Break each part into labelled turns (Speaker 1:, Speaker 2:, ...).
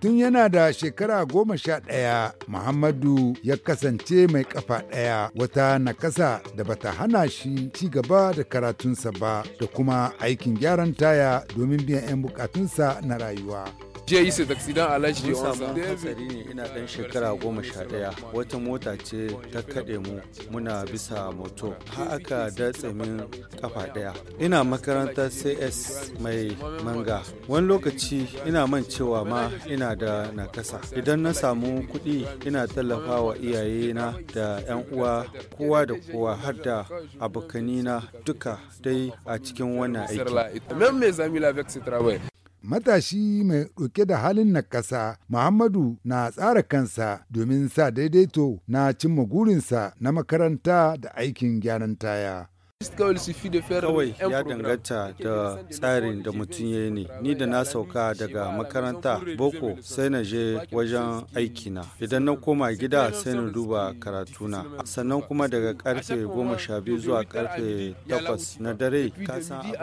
Speaker 1: Tun yana da shekara goma sha ɗaya, Muhammadu ya kasance mai kafa ɗaya wata nakasa da bata hana shi ci gaba da karatunsa ba da kuma aikin gyaran taya domin biyan 'yan bukatunsa na rayuwa.
Speaker 2: jiya se alhaji ne hatsari ne ina dan shekara goma sha daya wata mota ce ta kaɗe mu muna bisa moto har aka datse min kafa daya ina makaranta cs mai manga wani lokaci ina man cewa ma ina da nakasa idan na samu kuɗi ina tallafa wa iyayena da 'yan uwa kowa da kowa har da abokanina duka dai a cikin wannan aiki
Speaker 1: Matashi mai ɗauke da halin na ƙasa, Muhammadu na tsara kansa domin sa daidaito na cimma gurinsa na makaranta da aikin gyaran taya.
Speaker 2: Kawai ya danganta da tsarin da mutum ya ne. Ni da na sauka daga makaranta boko sai na je wajen aikina. Idan na koma gida sai na duba karatuna. Sannan kuma daga karfe goma sha biyu zuwa karfe takwas na dare kasan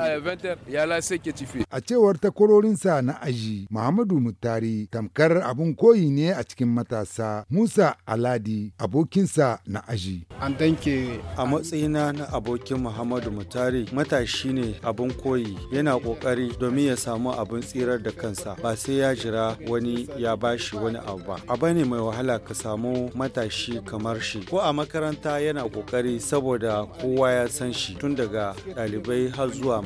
Speaker 1: A cewar takwarorinsa na aji Muhammadu Mutari tamkar abun koyi ne a cikin matasa Musa Aladi abokinsa na aji.
Speaker 2: An danke a matsayina na abokin Muhammadu Mutari matashi ne abin koyi yana ƙoƙari domin ya samu abin tsirar da kansa ba sai ya jira wani ya bashi wani abu ba. Aba ne mai wahala ka samu matashi kamar shi ko a makaranta yana ƙoƙari saboda kowa ya san shi tun daga ɗalibai har zuwa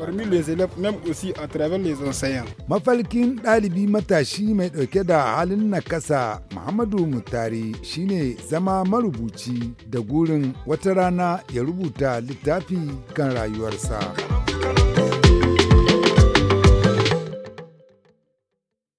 Speaker 1: Mafalkin ɗalibi matashi mai ɗauke da halin nakasa Muhammadu Mutari shine zama marubuci da gurin wata rana ya rubuta littafi Canada, rayuwarsa.